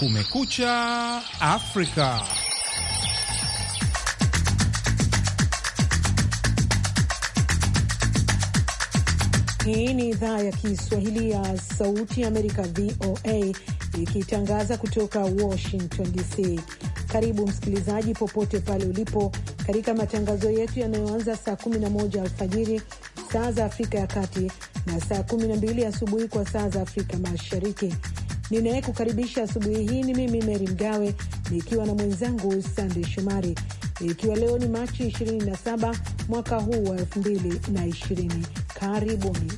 Kumekucha Afrika. Hii ni idhaa ya Kiswahili ya Sauti ya Amerika, VOA, ikitangaza kutoka Washington DC. Karibu msikilizaji, popote pale ulipo, katika matangazo yetu yanayoanza saa 11 alfajiri saa za Afrika ya Kati na saa 12 asubuhi kwa saa za Afrika Mashariki ninayekukaribisha asubuhi hii ni mimi Meri Mgawe nikiwa na mwenzangu Sandey Shomari, ikiwa leo ni Machi 27 mwaka huu wa 2020. Karibuni.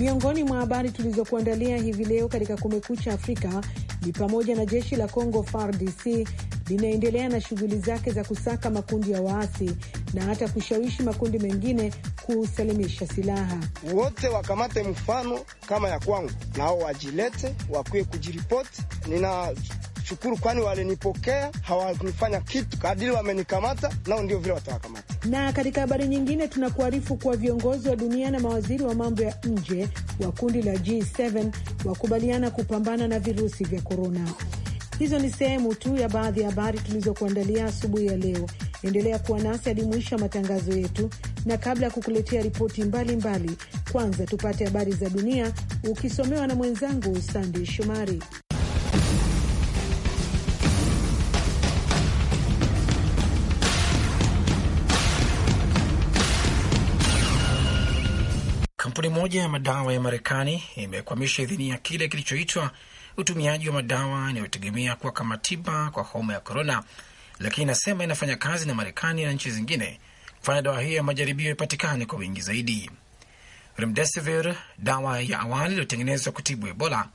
Miongoni mwa habari tulizokuandalia hivi leo katika Kumekucha Afrika ni pamoja na jeshi la Congo FARDC linaendelea na shughuli zake za kusaka makundi ya waasi na hata kushawishi makundi mengine kusalimisha silaha. Wote wakamate mfano kama ya kwangu, nao wajilete, wakuye kujiripoti. Ninashukuru kwani walinipokea, hawakunifanya kitu. Kadiri wamenikamata, nao ndio vile watawakamata. Na katika habari nyingine, tunakuarifu kuwa viongozi wa dunia na mawaziri wa mambo ya nje wa kundi la G7 wakubaliana kupambana na virusi vya korona. Hizo ni sehemu tu ya baadhi ya habari tulizokuandalia asubuhi ya leo. Endelea kuwa nasi hadi mwisho wa matangazo yetu, na kabla ya kukuletea ripoti mbalimbali, kwanza tupate habari za dunia ukisomewa na mwenzangu Sandey Shomari. Kampuni moja ya madawa ya Marekani imekwamisha idhini ya kile kilichoitwa utumiaji wa madawa inayotegemea kuwa kama tiba kwa homa ya korona, lakini inasema inafanya kazi na Marekani na nchi zingine kufanya dawa hiyo ya majaribio ipatikane kwa wingi zaidi. Remdesivir, dawa ya awali iliyotengenezwa kutibu Ebola,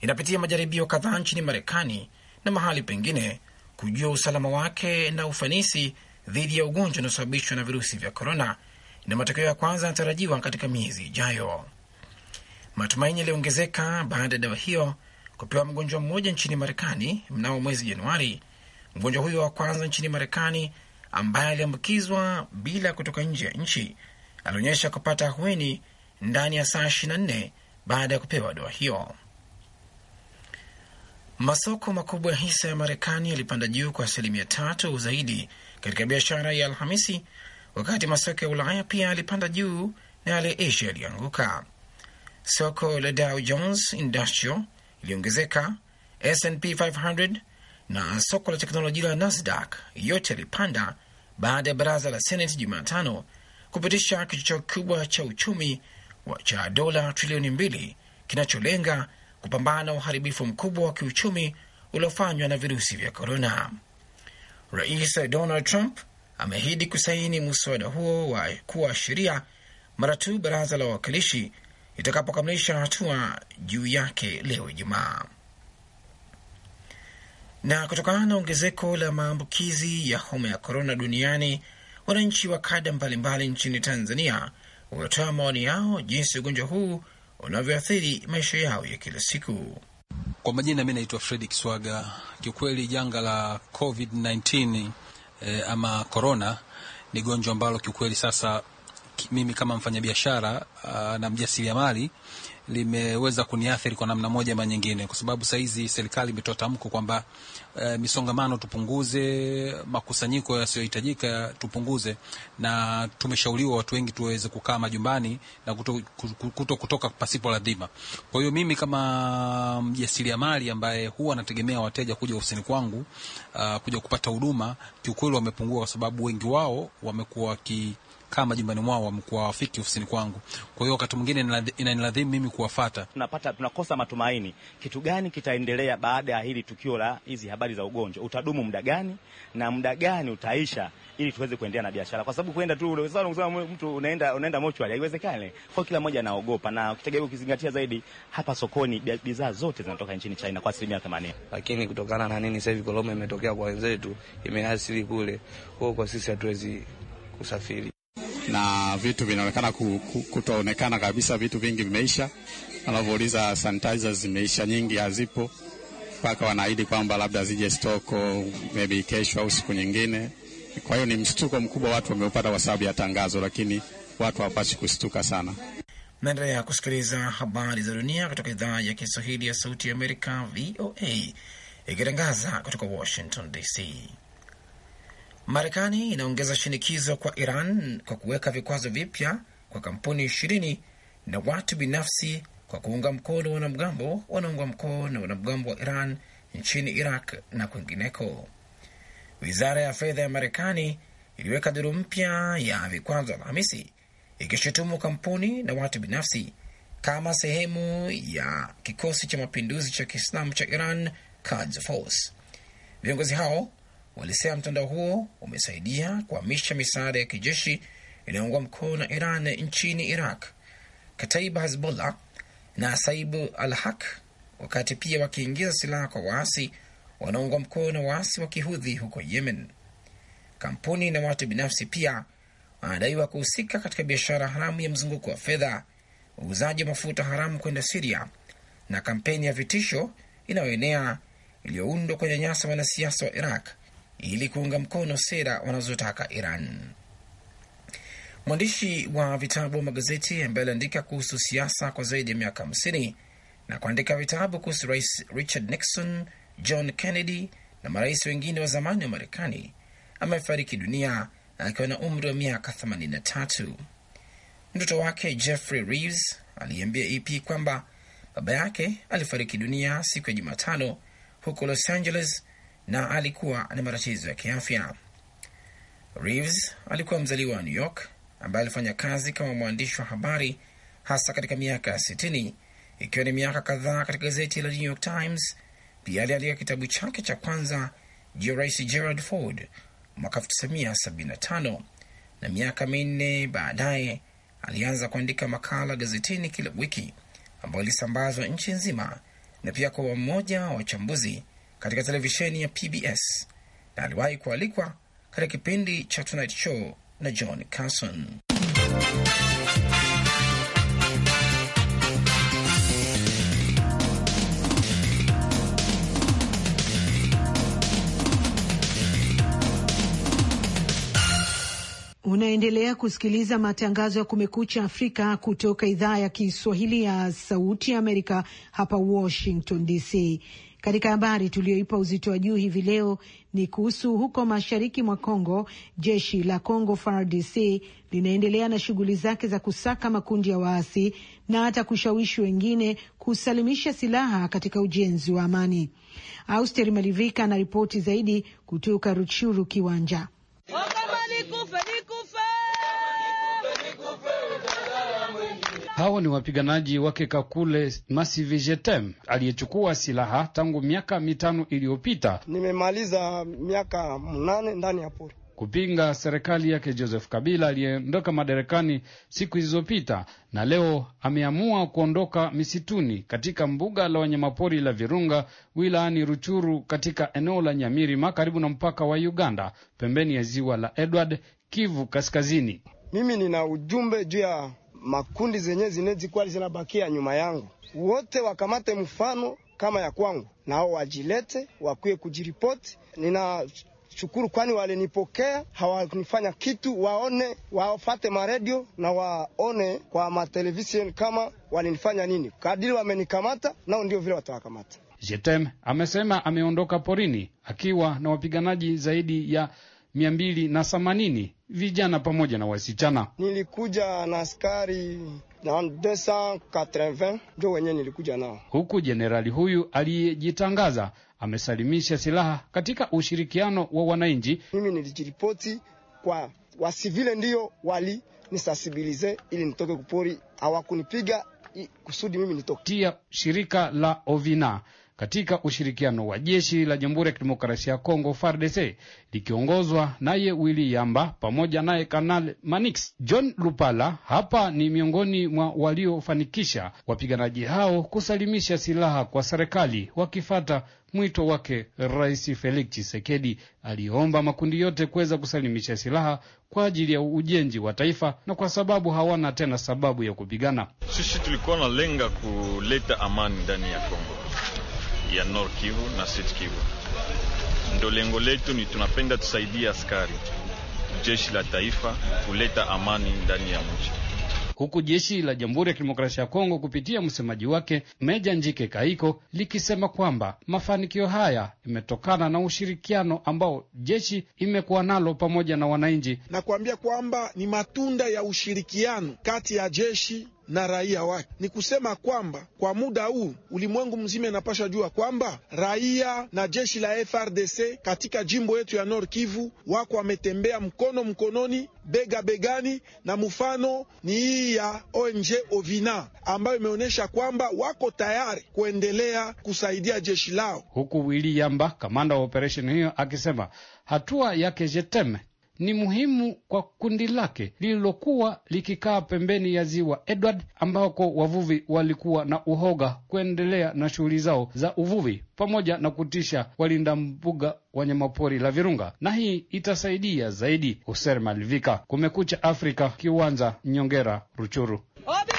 inapitia majaribio kadhaa nchini Marekani na mahali pengine kujua usalama wake na ufanisi dhidi ya ugonjwa unaosababishwa na virusi vya korona, na matokeo ya kwanza yanatarajiwa katika miezi ijayo. Matumaini yaliongezeka baada ya dawa hiyo kupewa mgonjwa mmoja nchini Marekani mnamo mwezi Januari. Mgonjwa huyo wa kwanza nchini Marekani ambaye aliambukizwa bila kutoka nje ya nchi alionyesha kupata ahueni ndani ya saa 24 baada ya kupewa dawa hiyo. Masoko makubwa ya hisa ya Marekani yalipanda juu kwa asilimia tatu zaidi katika biashara ya Alhamisi, wakati masoko ya Ulaya pia yalipanda juu na yale Asia yalianguka. Soko la Dow Jones Industrial iliongezeka S&P 500 na soko la teknolojia la Nasdaq yote yalipanda baada ya baraza la Senate Jumatano kupitisha kichocheo kikubwa cha uchumi cha dola trilioni mbili kinacholenga kupambana na uharibifu mkubwa wa kiuchumi uliofanywa na virusi vya korona. Rais Donald Trump ameahidi kusaini mswada huo wa kuwa sheria mara tu baraza la wawakilishi itakapokamilisha hatua juu yake leo Ijumaa. Na kutokana na ongezeko la maambukizi ya homa ya korona duniani, wananchi wa kada mbalimbali nchini Tanzania wametoa maoni yao jinsi ugonjwa huu unavyoathiri maisha yao ya kila siku. Kwa majina, mi naitwa Fredi Kiswaga. Kiukweli janga la COVID-19 eh, ama korona ni gonjwa ambalo kiukweli sasa mimi kama mfanyabiashara ah, na mjasiriamali limeweza kuniathiri kwa namna moja ama nyingine, kwa sababu sahizi serikali imetoa tamko kwamba e, misongamano tupunguze, makusanyiko yasiyohitajika tupunguze, na tumeshauriwa watu wengi tuweze kukaa majumbani na kuto, kuto kutoka pasipo lazima. Kwa hiyo mimi kama mjasiriamali ambaye huwa nategemea wateja kuja ofisini kwangu, uh, kuja kupata huduma, kiukweli wamepungua, kwa sababu wengi wao wamekuwa waki wanakaa majumbani mwao wamekuwa wafiki ofisini kwangu. Kwa hiyo wakati mwingine inanilazimu mimi kuwafata. Tunapata, tunakosa matumaini. Kitu gani kitaendelea baada ya hili tukio la hizi habari za ugonjwa? Utadumu muda gani na muda gani utaisha, ili tuweze kuendelea na biashara, kwa sababu kwenda tu kusema mtu unaenda unaenda mochwari haiwezekani. Kwa kila mmoja anaogopa, na ukitegemea, ukizingatia zaidi hapa sokoni bidhaa zote zinatoka nchini China kwa asilimia 80. Lakini kutokana na nini, sasa hivi korona imetokea kwa wenzetu, imeathiri kule, kwa hiyo kwa sisi hatuwezi kusafiri na vitu vinaonekana kutoonekana kabisa, vitu vingi vimeisha. anavyouliza sanitizers zimeisha, nyingi hazipo, mpaka wanaahidi kwamba labda zije stoko maybe kesho au siku nyingine. Kwa hiyo ni mshtuko mkubwa watu wameupata kwa sababu ya tangazo, lakini watu hawapaswi kushtuka sana. Naendelea kusikiliza habari za dunia kutoka idhaa ya Kiswahili ya Sauti ya Amerika, VOA, ikitangaza kutoka Washington DC. Marekani inaongeza shinikizo kwa Iran kwa kuweka vikwazo vipya kwa kampuni ishirini na watu binafsi kwa kuunga mkono wanamgambo wanaunga mkono na wanamgambo wa Iran nchini Iraq na kwingineko. Wizara ya fedha ya Marekani iliweka duru mpya ya vikwazo Alhamisi, ikishutumu kampuni na watu binafsi kama sehemu ya kikosi cha mapinduzi cha Kiislamu cha Iran Quds Force. Viongozi hao walisema mtandao huo umesaidia kuhamisha misaada ya kijeshi inayoungwa mkono na Iran nchini Iraq. Kataib Hezbollah na Saibu al Haq wakati pia wakiingiza silaha kwa waasi wanaungwa mkono na waasi wa kihudhi huko Yemen. Kampuni na watu binafsi pia wanadaiwa kuhusika katika biashara haramu ya mzunguko wa fedha, uuzaji wa mafuta haramu kwenda Siria na kampeni ya vitisho inayoenea iliyoundwa kwa nyanyasa wanasiasa wa Iraq ili kuunga mkono sera wanazotaka Iran. Mwandishi wa vitabu wa magazeti ambaye aliandika kuhusu siasa kwa zaidi ya miaka hamsini na kuandika vitabu kuhusu Rais Richard Nixon, John Kennedy na marais wengine wa zamani wa Marekani amefariki dunia akiwa na umri wa miaka 83. Mtoto wake Jeffrey Reeves aliambia EP kwamba baba yake alifariki dunia siku ya Jumatano huko Los Angeles na alikuwa na matatizo ya kiafya. Reeves alikuwa mzaliwa wa New York ambaye alifanya kazi kama mwandishi wa habari hasa katika miaka ya sitini, ikiwa ni miaka kadhaa katika gazeti la New York Times. Pia aliandika kitabu chake cha kwanza juu ya Rais Gerald Ford mwaka 1975 na miaka minne baadaye alianza kuandika makala gazetini kila wiki ambayo ilisambazwa nchi nzima na pia kwa mmoja wa wachambuzi katika televisheni ya PBS na aliwahi kualikwa katika kipindi cha Tonight Show na John Carson. Unaendelea kusikiliza matangazo ya Kumekucha Afrika kutoka idhaa ya Kiswahili ya Sauti ya Amerika hapa Washington DC. Katika habari tuliyoipa uzito wa juu hivi leo ni kuhusu huko mashariki mwa Kongo. Jeshi la Kongo FARDC linaendelea na shughuli zake za kusaka makundi ya waasi na hata kushawishi wengine kusalimisha silaha katika ujenzi wa amani. Austeri Malivika anaripoti zaidi kutoka Ruchuru Kiwanja. Hawa ni wapiganaji wake Kakule Masivijetem aliyechukua silaha tangu miaka mitano iliyopita. Nimemaliza miaka mnane ndani ya pori kupinga serikali yake Joseph Kabila aliyeondoka madarakani siku zilizopita, na leo ameamua kuondoka misituni katika mbuga la wanyamapori la Virunga wilayani Ruchuru katika eneo la Nyamirima karibu na mpaka wa Uganda pembeni ya ziwa la Edward, Kivu Kaskazini. Mimi nina ujumbe juu ya makundi zenye zinezi zinabakia nyuma yangu, wote wakamate mfano kama ya kwangu, nao wajilete wakuye kujiripoti. nina shukuru kwani walinipokea, hawakunifanya kitu, waone wafate maredio na waone kwa matelevisheni kama walinifanya nini. Kadiri wamenikamata, nao ndio vile watawakamata. Jetem amesema ameondoka porini akiwa na wapiganaji zaidi ya mia mbili na themanini vijana pamoja na wasichana. Nilikuja na askari na 280 ndio wenyewe nilikuja nao. Huku jenerali huyu aliyejitangaza amesalimisha silaha katika ushirikiano wa wananchi. Mimi nilijiripoti kwa wasivile, ndiyo nisasibilize ili nitoke kupori, hawakunipiga kusudi mimi nitoke. Tia shirika la Ovina katika ushirikiano wa jeshi la Jamhuri ya Kidemokrasia ya Kongo FARDC likiongozwa naye Willy Yamba pamoja naye Kanal Manix John Lupala. Hapa ni miongoni mwa waliofanikisha wapiganaji hao kusalimisha silaha kwa serikali wakifata mwito wake Rais Felix Tshisekedi aliomba makundi yote kuweza kusalimisha silaha kwa ajili ya ujenzi wa taifa, na kwa sababu hawana tena sababu ya kupigana. Sisi tulikuwa lenga kuleta amani ndani ya Kongo ya Nord Kivu na Sud Kivu. Ndo lengo letu, ni tunapenda tusaidie askari jeshi la taifa kuleta amani ndani ya mji huku jeshi la Jamhuri ya Kidemokrasia ya Kongo kupitia msemaji wake Meja Njike Kaiko likisema kwamba mafanikio haya imetokana na ushirikiano ambao jeshi imekuwa nalo pamoja na wananchi, na kuambia kwamba ni matunda ya ushirikiano kati ya jeshi na raia wake. Ni kusema kwamba kwa muda huu ulimwengu mzima inapasha jua kwamba raia na jeshi la FRDC katika jimbo yetu ya Nord Kivu wako wametembea mkono mkononi, bega begani, na mfano ni hii ya ONG Ovina ambayo imeonyesha kwamba wako tayari kuendelea kusaidia jeshi lao, huku Williamba, kamanda wa operesheni hiyo, akisema hatua yake Jetem ni muhimu kwa kundi lake lililokuwa likikaa pembeni ya ziwa Edward ambako wavuvi walikuwa na uhoga kuendelea na shughuli zao za uvuvi pamoja na kutisha walinda mbuga wanyamapori la Virunga, na hii itasaidia zaidi. Hoser Malivika, Kumekucha Afrika, kiwanza Nyongera, Ruchuru. Obi!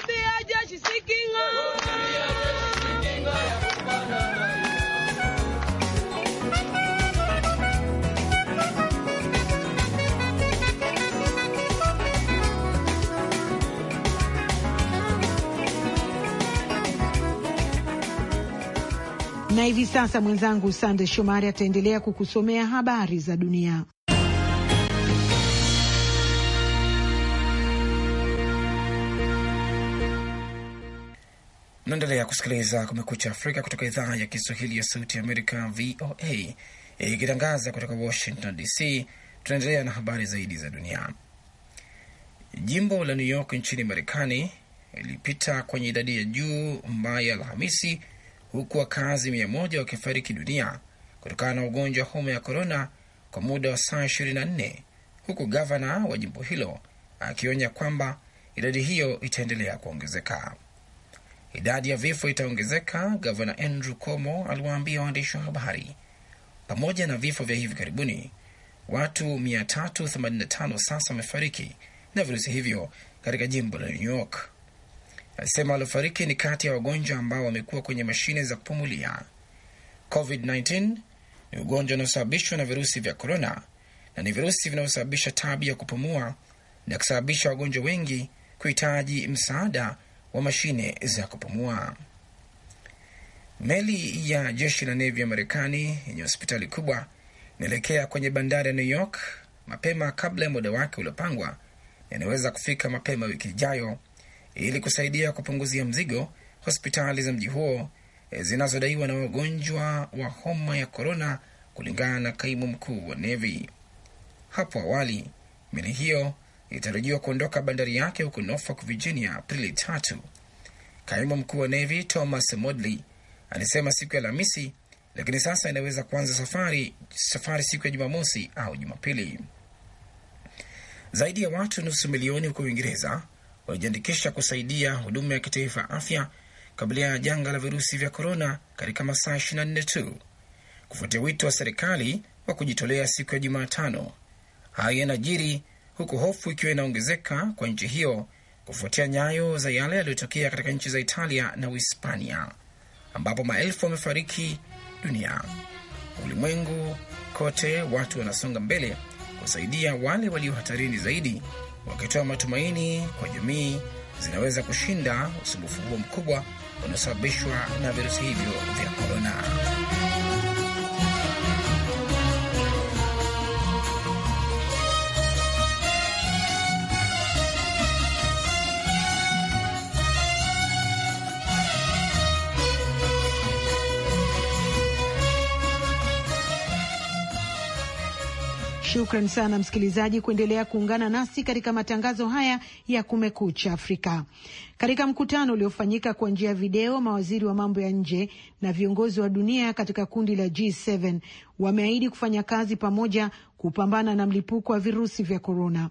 na hivi sasa mwenzangu Sande Shomari ataendelea kukusomea habari za dunia. Naendelea kusikiliza Kumekucha Afrika kutoka idhaa ya Kiswahili ya Sauti ya Amerika, VOA, ikitangaza kutoka Washington DC. Tunaendelea na habari zaidi za dunia. Jimbo la New York nchini Marekani ilipita kwenye idadi ya juu mbaya Alhamisi huku wakazi mia moja wakifariki dunia kutokana na ugonjwa wa homa ya korona kwa muda wa saa nne huku gavana wa jimbo hilo akionya kwamba idadi hiyo itaendelea kuongezeka. Idadi ya vifo itaongezeka, gavana Andrew Cuomo aliwaambia waandishi wa habari. Pamoja na vifo vya hivi karibuni, watu 385 sasa wamefariki na virusi hivyo katika jimbo la New York anasema waliofariki ni kati ya wagonjwa ambao wamekuwa kwenye mashine za kupumulia. COVID-19 ni ugonjwa unaosababishwa na virusi vya korona na ni virusi vinavyosababisha tabu ya kupumua na kusababisha wagonjwa wengi kuhitaji msaada wa mashine za kupumua. Meli ya jeshi la nevi ya Marekani yenye hospitali kubwa inaelekea kwenye bandari ya New York mapema kabla ya muda wake uliopangwa, na inaweza kufika mapema wiki ijayo ili kusaidia kupunguzia mzigo hospitali za mji huo e, zinazodaiwa na wagonjwa wa homa ya korona, kulingana na kaimu mkuu wa nevi Hapo awali meli hiyo ilitarajiwa kuondoka bandari yake huko Norfolk, Virginia, Aprili tatu. Kaimu mkuu wa Nevi Thomas Modly alisema siku ya Alhamisi, lakini sasa inaweza kuanza safari safari siku ya Jumamosi au Jumapili. Zaidi ya watu nusu milioni huko Uingereza walijiandikisha kusaidia huduma ya kitaifa afya kabiliana na janga la virusi vya korona katika masaa 24 tu kufuatia wito wa serikali wa kujitolea siku ya Jumatano. Hayo yanajiri huku hofu ikiwa inaongezeka kwa nchi hiyo kufuatia nyayo za yale yaliyotokea katika nchi za Italia na Uhispania ambapo maelfu wamefariki dunia. Ulimwengu kote watu wanasonga mbele kusaidia wale walio hatarini zaidi wakitoa matumaini kwa jamii zinaweza kushinda usumbufu huo mkubwa unaosababishwa na virusi hivyo vya korona. Shukran sana msikilizaji kuendelea kuungana nasi katika matangazo haya ya Kumekucha Afrika. Katika mkutano uliofanyika kwa njia ya video, mawaziri wa mambo ya nje na viongozi wa dunia katika kundi la G7 wameahidi kufanya kazi pamoja kupambana na mlipuko wa virusi vya korona.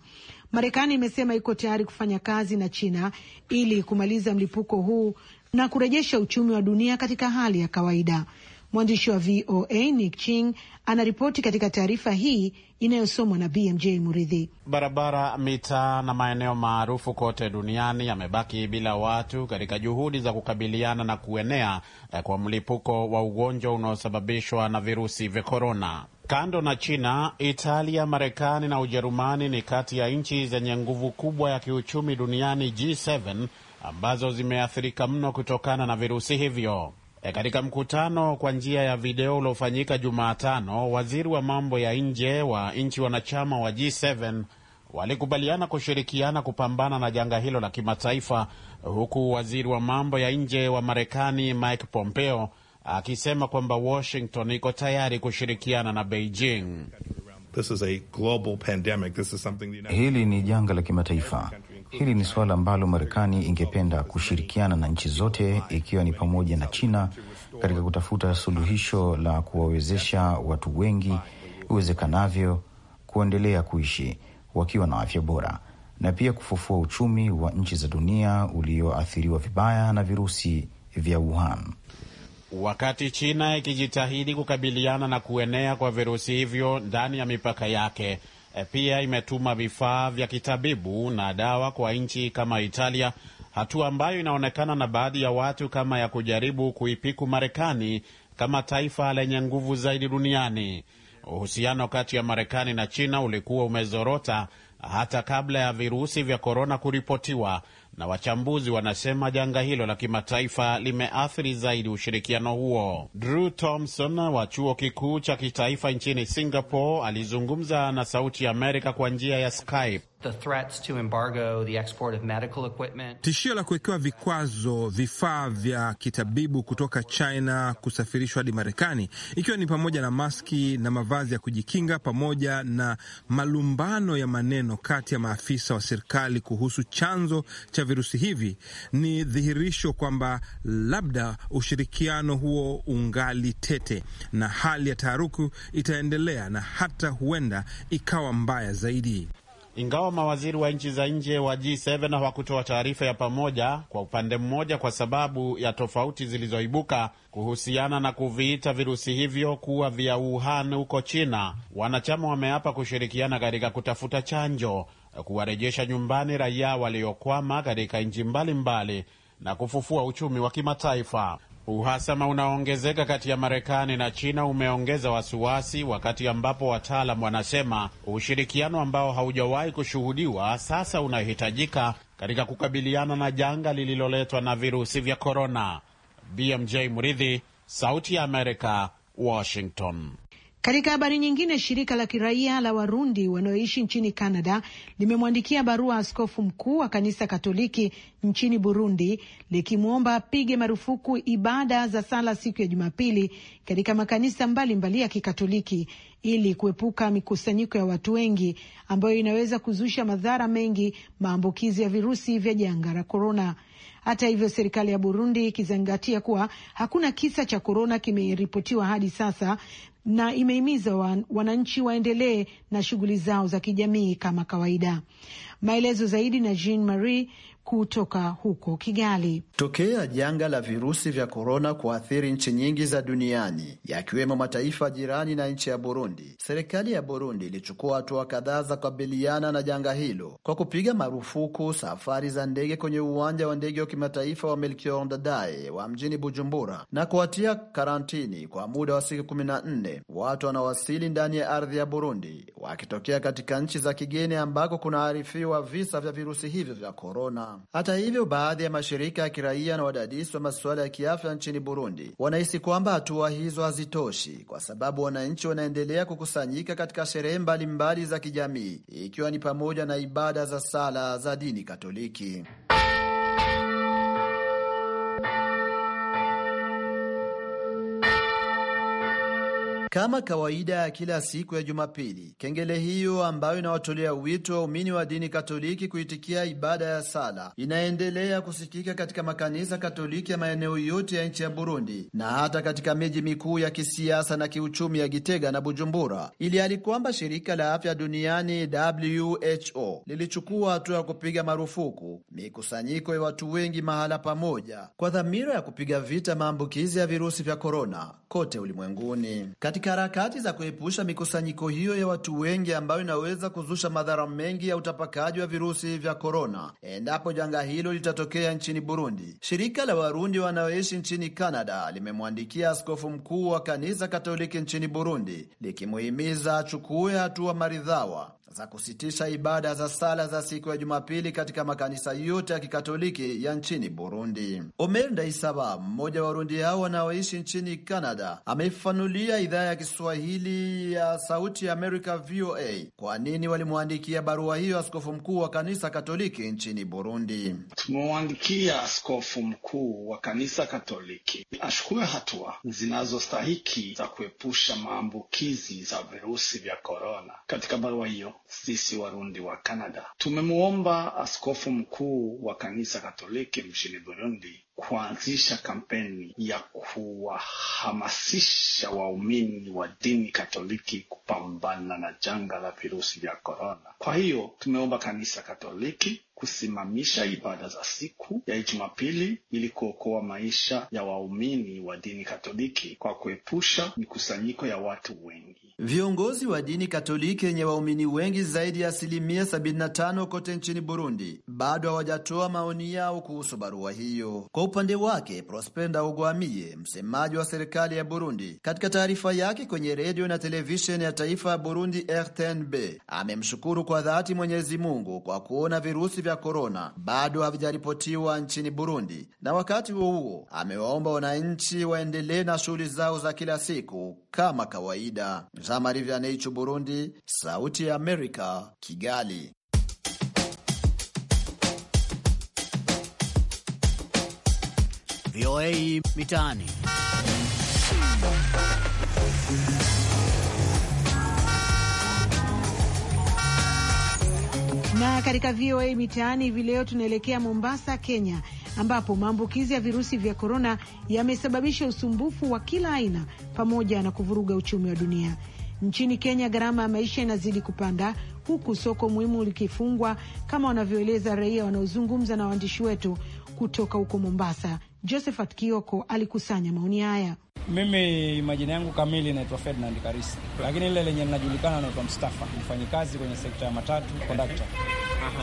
Marekani imesema iko tayari kufanya kazi na China ili kumaliza mlipuko huu na kurejesha uchumi wa dunia katika hali ya kawaida. Mwandishi wa VOA Nick Ching anaripoti katika taarifa hii inayosomwa na BMJ Muridhi. Barabara, mitaa na maeneo maarufu kote duniani yamebaki bila watu katika juhudi za kukabiliana na kuenea eh, kwa mlipuko wa ugonjwa unaosababishwa na virusi vya korona. Kando na China, Italia, Marekani na Ujerumani ni kati ya nchi zenye nguvu kubwa ya kiuchumi duniani G7 ambazo zimeathirika mno kutokana na virusi hivyo. E, katika mkutano kwa njia ya video uliofanyika Jumatano, waziri wa mambo ya nje wa nchi wanachama wa G7 walikubaliana kushirikiana kupambana na janga hilo la kimataifa, huku waziri wa mambo ya nje wa Marekani Mike Pompeo akisema kwamba Washington iko tayari kushirikiana na Beijing. Hili ni janga la kimataifa Hili ni suala ambalo Marekani ingependa kushirikiana na nchi zote, ikiwa ni pamoja na China katika kutafuta suluhisho la kuwawezesha watu wengi iwezekanavyo kuendelea kuishi wakiwa na afya bora na pia kufufua uchumi wa nchi za dunia ulioathiriwa vibaya na virusi vya Wuhan. Wakati China ikijitahidi kukabiliana na kuenea kwa virusi hivyo ndani ya mipaka yake, E, pia imetuma vifaa vya kitabibu na dawa kwa nchi kama Italia, hatua ambayo inaonekana na baadhi ya watu kama ya kujaribu kuipiku Marekani kama taifa lenye nguvu zaidi duniani. Uhusiano kati ya Marekani na China ulikuwa umezorota hata kabla ya virusi vya korona kuripotiwa, na wachambuzi wanasema janga hilo la kimataifa limeathiri zaidi ushirikiano huo. Drew Thompson wa chuo kikuu cha kitaifa nchini Singapore alizungumza na Sauti ya Amerika kwa njia ya Skype The threats to embargo the export of medical equipment. Tishio la kuwekewa vikwazo vifaa vya kitabibu kutoka China kusafirishwa hadi Marekani, ikiwa ni pamoja na maski na mavazi ya kujikinga, pamoja na malumbano ya maneno kati ya maafisa wa serikali kuhusu chanzo cha virusi hivi, ni dhihirisho kwamba labda ushirikiano huo ungali tete na hali ya taharuku itaendelea na hata huenda ikawa mbaya zaidi ingawa mawaziri wa nchi za nje wa G7 hawakutoa taarifa ya pamoja kwa upande mmoja kwa sababu ya tofauti zilizoibuka kuhusiana na kuviita virusi hivyo kuwa vya Wuhan huko China. Wanachama wameapa kushirikiana katika kutafuta chanjo, kuwarejesha nyumbani raia waliokwama katika nchi mbalimbali na kufufua uchumi wa kimataifa. Uhasama unaoongezeka kati ya Marekani na China umeongeza wasiwasi, wakati ambapo wataalam wanasema ushirikiano ambao haujawahi kushuhudiwa sasa unahitajika katika kukabiliana na janga lililoletwa na virusi vya korona. BMJ Mridhi, Sauti ya Amerika, Washington. Katika habari nyingine, shirika la kiraia la Warundi wanaoishi nchini Canada limemwandikia barua askofu mkuu wa kanisa Katoliki nchini Burundi likimwomba apige marufuku ibada za sala siku ya Jumapili katika makanisa mbalimbali mbali ya Kikatoliki ili kuepuka mikusanyiko ya watu wengi ambayo inaweza kuzusha madhara mengi, maambukizi ya virusi vya janga la korona. Hata hivyo, serikali ya Burundi ikizingatia kuwa hakuna kisa cha korona kimeripotiwa hadi sasa, na imehimiza wananchi waendelee na shughuli zao za kijamii kama kawaida. Maelezo zaidi na Jean Marie kutoka huko Kigali. Tokea janga la virusi vya korona kuathiri nchi nyingi za duniani yakiwemo mataifa jirani na nchi ya Burundi, serikali ya Burundi ilichukua hatua kadhaa za kukabiliana na janga hilo kwa kupiga marufuku safari za ndege kwenye uwanja wa ndege wa kimataifa wa Melchior Ndadaye wa mjini Bujumbura na kuwatia karantini kwa muda wa siku kumi na nne watu wanaowasili ndani ya ardhi ya Burundi wakitokea katika nchi za kigeni ambako kunaarifiwa wa visa vya virusi hivyo vya korona. Hata hivyo, baadhi ya mashirika ya kiraia na wadadisi wa masuala ya kiafya nchini Burundi wanahisi kwamba hatua hizo hazitoshi, kwa sababu wananchi wanaendelea kukusanyika katika sherehe mbalimbali za kijamii, ikiwa ni pamoja na ibada za sala za dini Katoliki. Kama kawaida ya kila siku ya Jumapili, kengele hiyo ambayo inawatolea wito waumini wa dini Katoliki kuitikia ibada ya sala inaendelea kusikika katika makanisa Katoliki ya maeneo yote ya nchi ya Burundi na hata katika miji mikuu ya kisiasa na kiuchumi ya Gitega na Bujumbura, ili hali kwamba shirika la afya duniani WHO lilichukua hatua ya kupiga marufuku mikusanyiko ya watu wengi mahala pamoja kwa dhamira ya kupiga vita maambukizi ya virusi vya korona kote ulimwenguni. Katika harakati za kuepusha mikusanyiko hiyo ya watu wengi ambayo inaweza kuzusha madhara mengi ya utapakaji wa virusi vya korona endapo janga hilo litatokea nchini Burundi. Shirika la Warundi wanaoishi nchini canada limemwandikia askofu mkuu wa kanisa Katoliki nchini Burundi likimuhimiza achukue hatua maridhawa za kusitisha ibada za sala za siku ya Jumapili katika makanisa yote ya Kikatoliki ya nchini Burundi. Omer Ndaisaba, mmoja wa Warundi hao wanaoishi nchini Canada, ameifanulia idhaa ya Kiswahili ya Sauti ya Amerika VOA kwa nini walimwandikia barua hiyo askofu mkuu wa kanisa Katoliki nchini Burundi. Tumemwandikia askofu mkuu wa kanisa Katoliki ashukue hatua zinazostahiki za kuepusha maambukizi za virusi vya korona. Katika barua hiyo sisi Warundi wa Canada tumemwomba askofu mkuu wa kanisa Katoliki nchini Burundi kuanzisha kampeni ya kuwahamasisha waumini wa dini Katoliki kupambana na janga la virusi vya korona. Kwa hiyo tumeomba kanisa Katoliki kusimamisha ibada za siku ya Jumapili ili kuokoa maisha ya waumini wa dini Katoliki kwa kuepusha mikusanyiko ya watu wengi. Viongozi wa dini Katoliki yenye waumini wengi zaidi ya asilimia 75 kote nchini Burundi bado hawajatoa maoni yao kuhusu barua hiyo. Kwa upande wake, Prospenda Ugwamiye, msemaji wa serikali ya Burundi, katika taarifa yake kwenye redio na televisheni ya taifa ya Burundi RTNB, amemshukuru kwa dhati Mwenyezi Mungu kwa kuona virusi vya korona bado havijaripotiwa nchini Burundi, na wakati huo huo amewaomba wananchi waendelee na shughuli zao za kila siku kama kawaida. Burundi, Sauti ya Amerika, Kigali. VOA Mitaani. Na katika VOA Mitaani hivi leo tunaelekea Mombasa, Kenya, ambapo maambukizi ya virusi vya korona yamesababisha usumbufu wa kila aina pamoja na kuvuruga uchumi wa dunia. Nchini Kenya, gharama ya maisha inazidi kupanda huku soko muhimu likifungwa, kama wanavyoeleza raia wanaozungumza na waandishi wetu kutoka huko Mombasa. Josephat Kioko alikusanya maoni haya. Mimi majina yangu kamili naitwa Ferdinand Karisi, lakini ile lenye linajulikana naitwa Mustafa, mfanyikazi kwenye sekta ya matatu kondakta.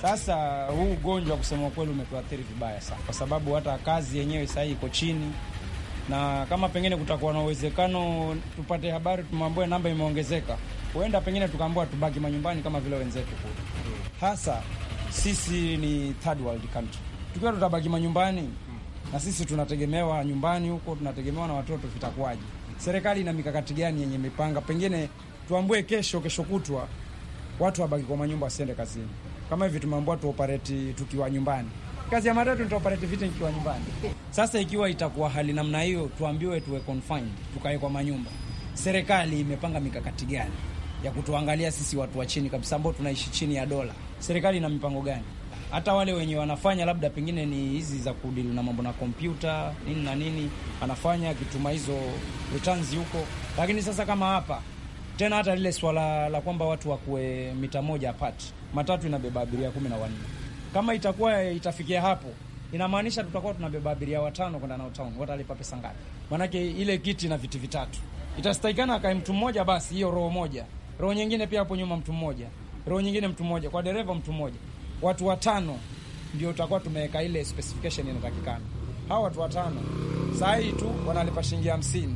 Sasa huu ugonjwa kusema kweli umetuathiri vibaya sana, kwa sababu hata kazi yenyewe sahii iko chini, na kama pengine kutakuwa na uwezekano tupate habari tumwambie namba imeongezeka, huenda pengine tukaambiwa tubaki manyumbani kama vile wenzetu kule. Mm. Hasa sisi ni third world country, tukiwa tutabaki manyumbani na sisi tunategemewa nyumbani huko, tunategemewa na watoto, vitakuwaje? Serikali ina mikakati gani yenye mipanga, pengine tuambue kesho, kesho kutwa watu wabaki kwa manyumba, wasiende kazini. Kama hivi tumeambiwa tuopareti tukiwa nyumbani, kazi ya matatu nitaopareti vite nikiwa nyumbani. Sasa ikiwa itakuwa hali namna hiyo, tuambiwe tuwe confined, tukae kwa manyumba, serikali imepanga mikakati gani ya kutuangalia sisi watu wa chini kabisa ambao tunaishi chini ya dola? Serikali ina mipango gani? hata wale wenye wanafanya labda pengine ni hizi za kudili na mambo na kompyuta nini na nini, anafanya akituma hizo returns huko. Lakini sasa kama hapa tena, hata lile swala la kwamba watu wakuwe mita moja apart, matatu inabeba abiria kumi na wanne. Kama itakuwa itafikia hapo, inamaanisha tutakuwa tunabeba abiria watano kwenda nao town. Watalipa pesa ngapi? Maanake ile kiti na viti vitatu itastahikana akae mtu mmoja, basi hiyo roho moja, roho nyingine pia hapo nyuma mtu mmoja, roho nyingine mtu mmoja, kwa dereva mtu mmoja watu watano ndio tutakuwa tumeweka ile specification inatakikana. Hawa watu watano saa hii tu wanalipa shilingi hamsini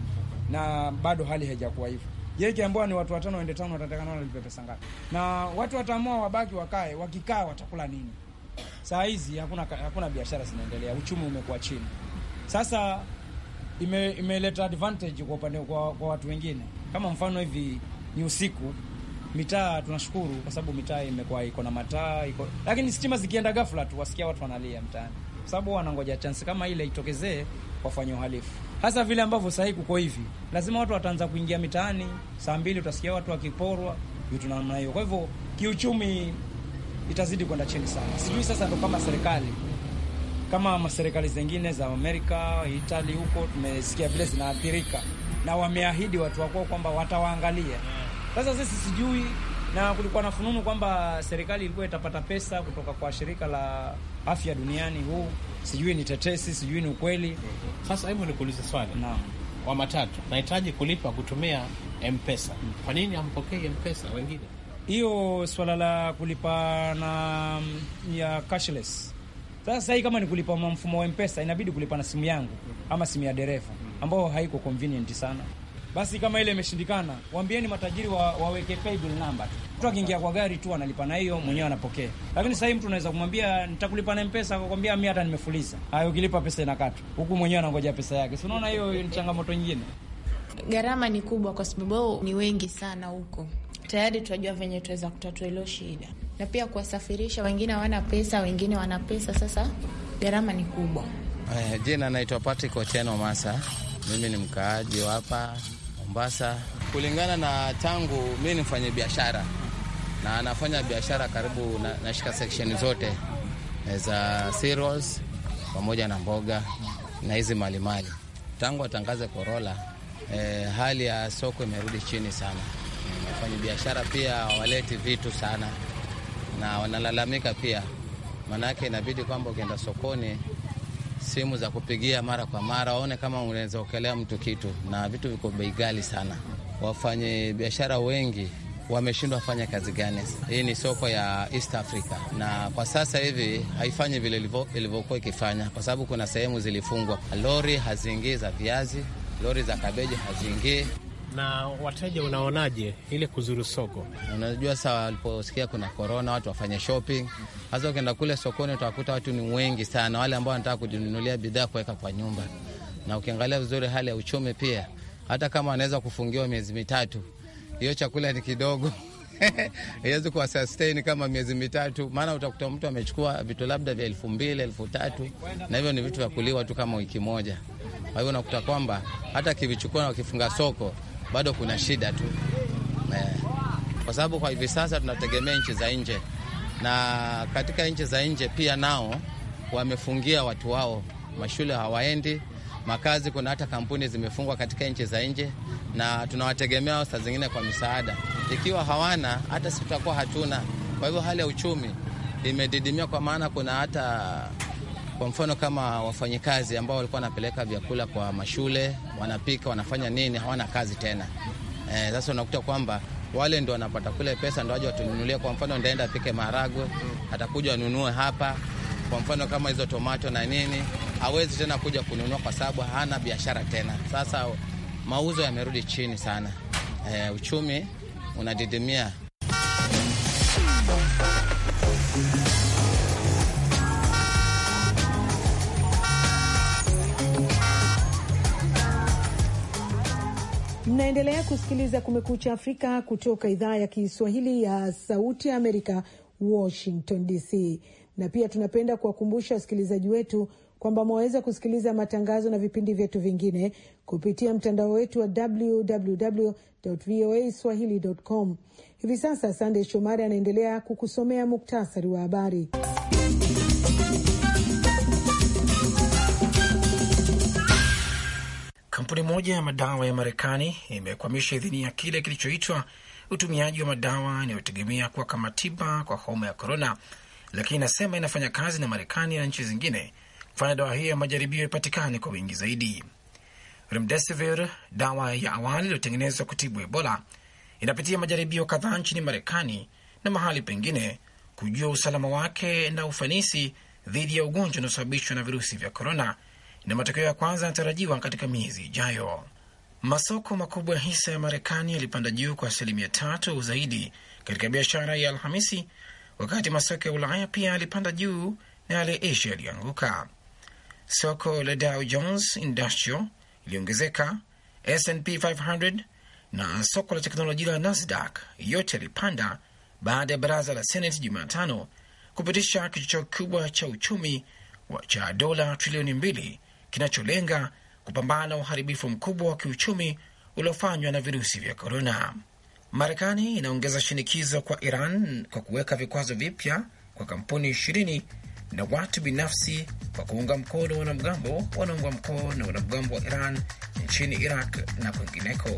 na bado hali haijakuwa hivyo. Yeki ambao ni watu watano waende tano watatakana walipe pesa ngapi? Na watu wataamua wabaki wakae, wakikaa watakula nini? Saa hizi hakuna, hakuna biashara zinaendelea, uchumi umekuwa chini. Sasa imeleta ime advantage kwa upande kwa, kwa watu wengine, kama mfano hivi ni usiku Mitaa tunashukuru kwa sababu mitaa imekuwa iko na mataa iko, lakini stima zikienda ghafla tu wasikia watu wanalia mtaani, kwa sababu wanangoja chance kama ile itokezee wafanye uhalifu, hasa vile ambavyo sahii kuko hivi. Lazima watu wataanza kuingia mitaani saa mbili, utasikia watu wakiporwa vitu namna hiyo. Kwa hivyo kiuchumi itazidi kwenda chini sana. Sijui sasa ndo kama serikali kama maserikali zengine za Amerika, Itali huko tumesikia vile zinaathirika, na wameahidi watu wakuwa kwamba watawaangalia sasa sisi sijui, na kulikuwa na fununu kwamba serikali ilikuwa itapata pesa kutoka kwa shirika la afya duniani. Huu sijui ni tetesi, sijui ni ukweli. Sasa hebu nikuulize swali na wa matatu, nahitaji kulipa kutumia Mpesa, kwa nini ampokei Mpesa wengine? Hiyo swala la kulipa na mm, ya cashless sasa hii kama ni kulipa mfumo wa Mpesa inabidi kulipa na simu yangu ama simu ya dereva ambayo haiko convenient sana. Basi kama ile imeshindikana, waambieni matajiri wa, waweke paybill number. Mtu akiingia kwa gari tu analipa na hiyo mwenyewe anapokea. Lakini sasa hivi mtu anaweza kumwambia nitakulipa na M-Pesa, akakwambia mimi hata nimefuliza. Hayo ukilipa pesa inakata. Huku mwenyewe anangoja pesa yake. Si unaona hiyo ni changamoto nyingine. Gharama ni kubwa kwa sababu ni wengi sana huko. Tayari tunajua venye tuweza kutatua hilo shida. Na pia kuwasafirisha, wengine hawana pesa, wengine wana pesa, sasa gharama ni kubwa. Eh, jina naitwa Patrick Ocheno Masa. Mimi ni mkaaji hapa Mombasa, kulingana na tangu mimi ni mfanya biashara na anafanya biashara karibu na, nashika section zote eh, za cereals pamoja na mboga na hizi malimali. Tangu atangaze korola eh, hali ya soko imerudi chini sana. Wafanya biashara pia hawaleti vitu sana na wanalalamika pia, maanake inabidi kwamba ukienda sokoni simu za kupigia mara kwa mara, waone kama unaweza okelea mtu kitu, na vitu viko bei ghali sana. Wafanye biashara wengi wameshindwa fanya kazi gani? Hii ni soko ya East Africa, na kwa sasa hivi haifanyi vile ilivyokuwa ikifanya, kwa sababu kuna sehemu zilifungwa. Lori haziingii za viazi, lori za kabeji haziingii na wateja unaonaje ile kuzuru soko? Unajua, saa waliposikia kuna korona, watu wafanye shopping. Hasa ukienda kule sokoni, utakuta watu ni wengi sana, wale ambao wanataka kujinunulia bidhaa kuweka kwa nyumba. Na ukiangalia vizuri hali ya uchumi pia, hata kama wanaweza kufungiwa miezi mitatu, hiyo chakula ni kidogo iwezi kuwa sustain kama miezi mitatu, maana utakuta mtu amechukua vitu labda vya elfu mbili elfu tatu na hivyo ni vitu vya kuliwa tu kama wiki moja. Kwa hiyo unakuta kwamba hata kivichukua na wakifunga soko bado kuna shida tu eh, kwa sababu kwa hivi sasa tunategemea nchi za nje, na katika nchi za nje pia nao wamefungia watu wao, mashule hawaendi, makazi, kuna hata kampuni zimefungwa katika nchi za nje, na tunawategemea saa zingine kwa misaada. Ikiwa hawana hata, si tutakuwa hatuna. Kwa hivyo hali ya uchumi imedidimia, kwa maana kuna hata kwa mfano kama wafanyikazi ambao walikuwa wanapeleka vyakula kwa mashule, wanapika, wanafanya nini, hawana kazi tena. Eh, sasa e, unakuta kwamba wale ndo wanapata kule pesa, ndo waje watununulie. Kwa mfano ndaenda apike maharagwe, atakuja anunue hapa, kwa mfano kama hizo tomato na nini, hawezi tena kuja kununua kwa sababu hana biashara tena. Sasa mauzo yamerudi chini sana, e, uchumi unadidimia. Mnaendelea kusikiliza Kumekucha Afrika kutoka idhaa ya Kiswahili ya Sauti ya Amerika, Washington DC. Na pia tunapenda kuwakumbusha wasikilizaji wetu kwamba mwaweza kusikiliza matangazo na vipindi vyetu vingine kupitia mtandao wetu wa www voa Hivi sasa, Sandey Shomari anaendelea kukusomea muktasari wa habari. Kampuni moja ya madawa ya Marekani imekwamisha idhini ya kile kilichoitwa utumiaji wa madawa inayotegemea kuwa kama tiba kwa homa ya korona, lakini inasema inafanya kazi na Marekani na nchi zingine kufanya dawa hiyo ya majaribio ipatikane kwa wingi zaidi. Remdesivir, dawa ya awali iliyotengenezwa kutibu Ebola, inapitia majaribio kadhaa nchini Marekani na mahali pengine kujua usalama wake na ufanisi dhidi ya ugonjwa unaosababishwa na virusi vya korona na matokeo ya kwanza yanatarajiwa katika miezi ijayo. Masoko makubwa ya hisa ya Marekani yalipanda juu kwa asilimia tatu zaidi katika biashara ya Alhamisi, wakati masoko ya Ulaya pia yalipanda juu na yale Asia yaliyoanguka. Soko la Dow Jones Industrial iliongezeka, S&P 500 na soko la teknolojia la Nasdaq yote yalipanda baada ya baraza la Senate Jumatano kupitisha kichocheo kikubwa cha uchumi wa cha dola trilioni mbili kinacholenga kupambana na uharibifu mkubwa wa kiuchumi uliofanywa na virusi vya korona. Marekani inaongeza shinikizo kwa Iran kwa kuweka vikwazo vipya kwa kampuni ishirini na watu binafsi kwa kuunga mkono wanamgambo wanaunga mkono na wanamgambo wa Iran nchini Iraq na kwingineko.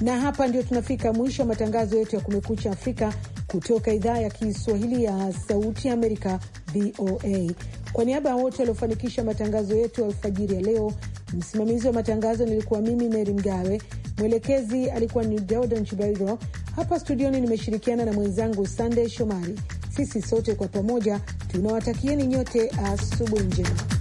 Na hapa ndio tunafika mwisho wa matangazo yetu ya Kumekucha Afrika kutoka idhaa ya Kiswahili ya Sauti ya Amerika, VOA. Kwa niaba ya wote waliofanikisha matangazo yetu ya alfajiri ya leo, msimamizi wa matangazo nilikuwa mimi Meri Mgawe, mwelekezi alikuwa ni Jordan Chibairo. Hapa studioni nimeshirikiana na mwenzangu Sandey Shomari. Sisi sote kwa pamoja tunawatakieni nyote asubuhi njema.